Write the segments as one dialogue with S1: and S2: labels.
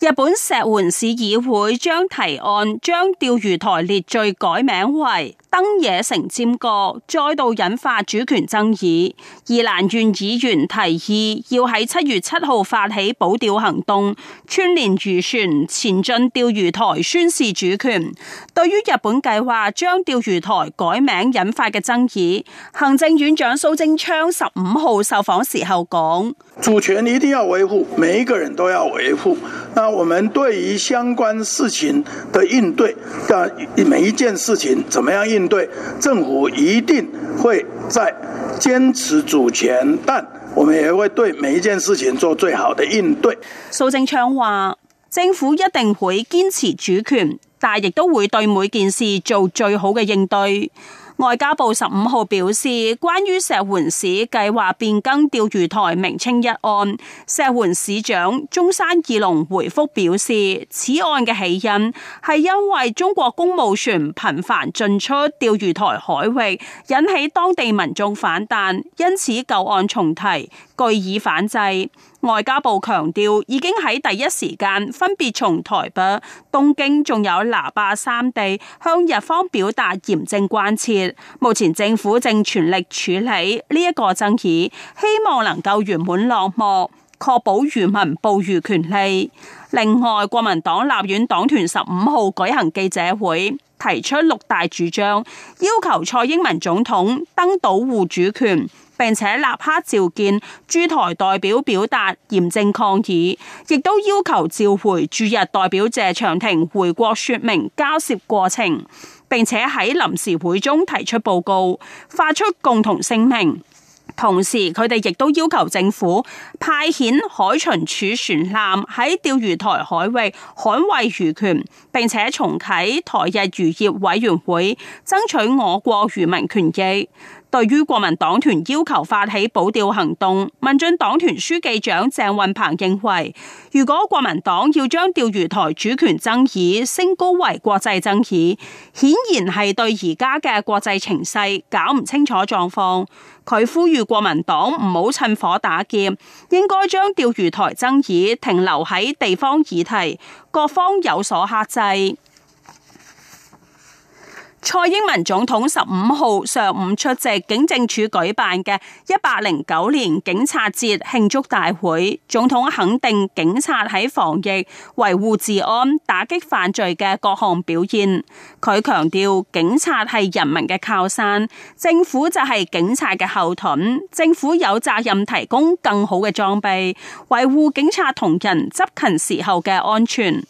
S1: 日本石垣市議會將提案將釣魚台列序改名為登野城尖閣，再度引發主權爭議。宜蘭縣議員提議要喺七月七號發起保釣行動，串聯漁船前進釣魚台宣示主權。對於日本計劃將釣魚台改名引發嘅爭議，行政院長蘇貞昌十五號受訪時候講：主權一定要維護，每一個人都要維護。那我們對於相關事情的應對，嘅每一件事情，怎麼樣應對？政府一定會再堅持主權，但我們也會對每一件事情做最好的應對。蘇貞昌話，政府一定會堅持主權，但亦都會對每件事做最好嘅應對。外交部十五號表示，關於石垣市計劃變更釣魚台名稱一案，石垣市長中山義隆回覆表示，此案嘅起因係因為中國公務船頻繁進出釣魚台海域，引起當地民眾反彈，因此舊案重提。據以反制，外交部強調已經喺第一時間分別從台北、東京仲有那霸三地向日方表達嚴正關切。目前政府正全力處理呢一個爭議，希望能夠圓滿落幕，確保漁民捕魚權利。另外，國民黨立院黨團十五號舉行記者會，提出六大主張，要求蔡英文總統登島護主權，並且立刻召見駐台代表表達嚴正抗議，亦都要求召回駐日代表謝長廷回國說明交涉過程，並且喺臨時會中提出報告，發出共同聲明。同時，佢哋亦都要求政府派遣海巡署船艦喺釣魚台海域捍衛漁權，並且重啟台日漁業委員會爭取我國漁民權益。對於國民黨團要求發起保釣行動，民進黨團書記長鄭運鵬認為，如果國民黨要將釣魚台主權爭議升高為國際爭議，顯然係對而家嘅國際情勢搞唔清楚狀況。佢呼籲國民黨唔好趁火打劫，應該將釣魚台爭議停留喺地方議題，各方有所克制。蔡英文總統十五號上午出席警政署舉辦嘅一百零九年警察節慶祝大會，總統肯定警察喺防疫、維護治安、打擊犯罪嘅各項表現。佢強調，警察係人民嘅靠山，政府就係警察嘅後盾，政府有責任提供更好嘅裝備，維護警察同人執勤時候嘅安全。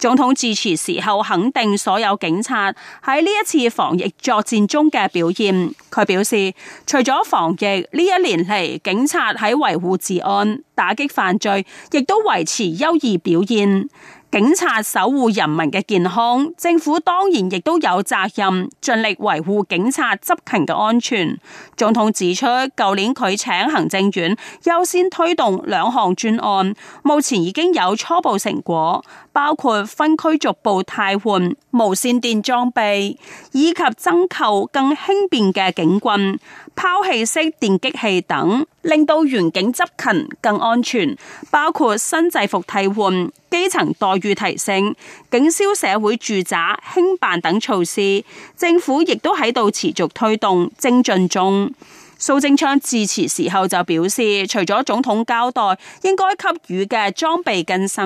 S1: 總統致辭時候肯定所有警察喺呢一次防疫作戰中嘅表現。佢表示，除咗防疫，呢一年嚟警察喺維護治安、打擊犯罪，亦都維持優異表現。警察守護人民嘅健康，政府當然亦都有責任盡力維護警察執勤嘅安全。總統指出，舊年佢請行政院優先推動兩項專案，目前已經有初步成果，包括分區逐步替換無線電裝備，以及增購更輕便嘅警棍、拋棄式電擊器等，令到員警執勤更安全，包括新制服替換。基層待遇提升、警消社會住宅興辦等措施，政府亦都喺度持續推動、精進中。蘇貞昌致辭時候就表示，除咗總統交代應該給予嘅裝備更新，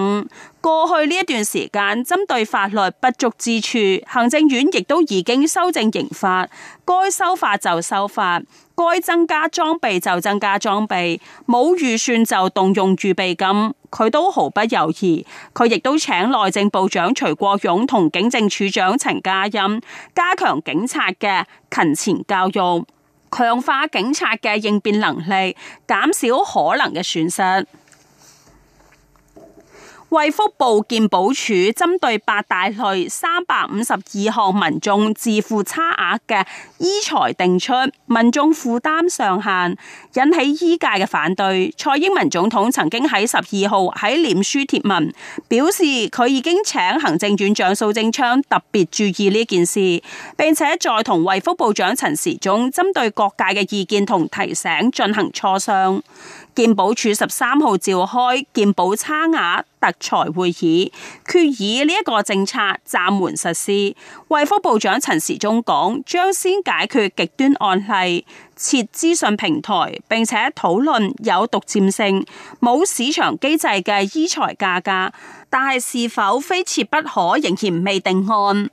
S1: 過去呢一段時間針對法律不足之處，行政院亦都已經修正刑法，該修法就修法，該增加裝備就增加裝備，冇預算就動用預備金。佢都毫不猶豫，佢亦都請內政部長徐國勇同警政署長陳家欽加強警察嘅勤前教育，強化警察嘅應變能力，減少可能嘅損失。衛福部健保署針對八大類三百五十二項民眾自付差額嘅醫材定出民眾負擔上限，引起醫界嘅反對。蔡英文總統曾經喺十二號喺臉書貼文，表示佢已經請行政院長蘇貞昌特別注意呢件事，並且再同衛福部長陳時中針對各界嘅意見同提醒進行磋商。健保署十三號召開健保差額特材會議，決議呢一個政策暫緩實施。衛福部長陳時中講，將先解決極端案例，設資訊平台，並且討論有獨占性、冇市場機制嘅醫材價格，但係是否非設不可，仍然未定案。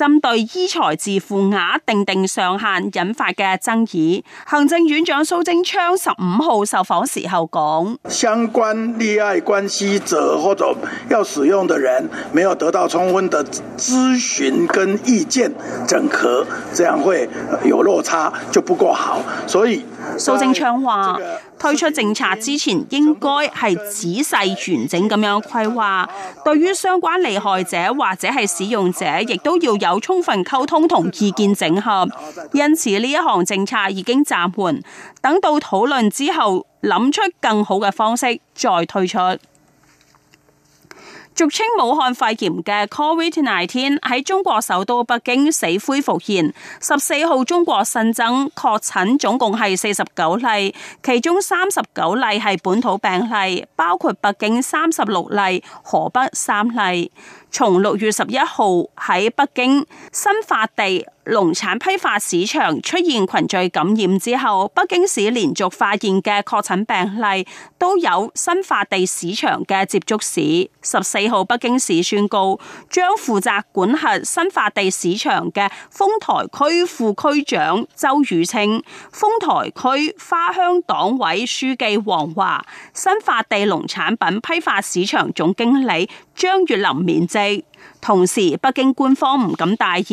S1: 針對醫材自付額定定上限引發嘅爭議，行政院長蘇貞昌十五號受訪時候講：相關利害關係者或者要使用嘅人沒有得到充分的諮詢跟意見整合，這樣會有落差，就不夠好。所以蘇貞昌話，這個、推出政策之前應該係仔細完整咁樣規劃，對於相關利害者或者係使用者，亦都要有。有充分溝通同意見整合，因此呢一項政策已經暫緩，等到討論之後諗出更好嘅方式再推出。俗稱武漢肺炎嘅 COVID-19 喺中國首都北京死灰復燃。十四號中國新增確診總共係四十九例，其中三十九例係本土病例，包括北京三十六例，河北三例。從六月十一號喺北京新發地農產批發市場出現群聚感染之後，北京市連續發現嘅確診病例都有新發地市場嘅接觸史。十四號，北京市宣告將負責管轄新發地市場嘅豐台區副區長周宇清、豐台區花鄉黨委書記王華、新發地農產品批發市場總經理。張月林免職。同時，北京官方唔敢大意，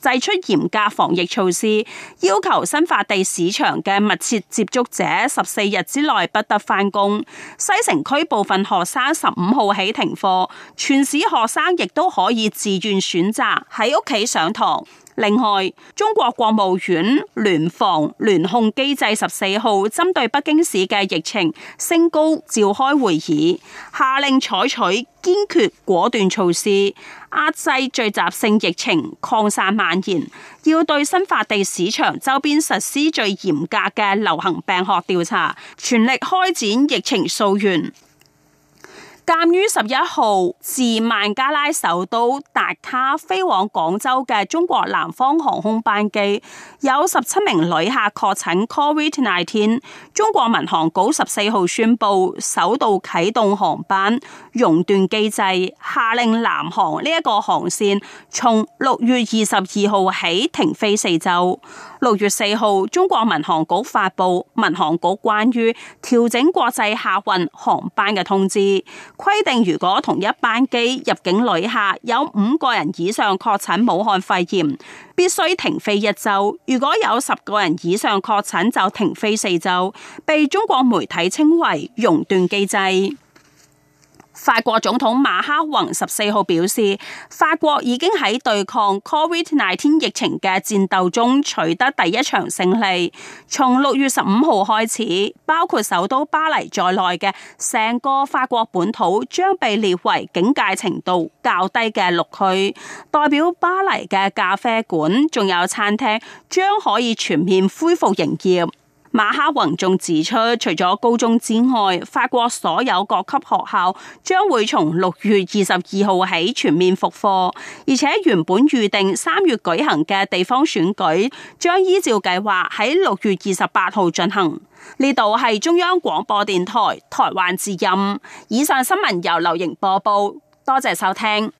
S1: 祭出嚴格防疫措施，要求新發地市場嘅密切接觸者十四日之內不得返工。西城區部分學生十五號起停課，全市學生亦都可以自願選擇喺屋企上堂。另外，中國國務院聯防聯控機制十四號針對北京市嘅疫情升高召開會議，下令採取堅決果斷措施。遏制聚集性疫情擴散蔓延，要對新發地市場周邊實施最嚴格嘅流行病學調查，全力開展疫情溯源。鑒於十一號自孟加拉首都達卡飛往廣州嘅中國南方航空班機有十七名旅客確診 COVID-19，中國民航局十四號宣布，首度啟動航班熔斷機制，下令南航呢一個航線從六月二十二號起停飛四周。六月四號，中國民航局發布民航局關於調整國際客運航班嘅通知。規定如果同一班機入境旅客有五個人以上確診武漢肺炎，必須停飛一週；如果有十個人以上確診，就停飛四週。被中國媒體稱為熔斷機制。法國總統馬克宏十四號表示，法國已經喺對抗 Covid-19 疫情嘅戰鬥中取得第一場勝利。從六月十五號開始，包括首都巴黎在內嘅成個法國本土將被列為警戒程度較低嘅綠區，代表巴黎嘅咖啡館仲有餐廳將可以全面恢復營業。馬克宏仲指出，除咗高中之外，法國所有各級學校將會從六月二十二號起全面復課，而且原本預定三月舉行嘅地方選舉將依照計劃喺六月二十八號進行。呢度係中央廣播電台台灣之音，以上新聞由劉瑩播報，多謝收聽。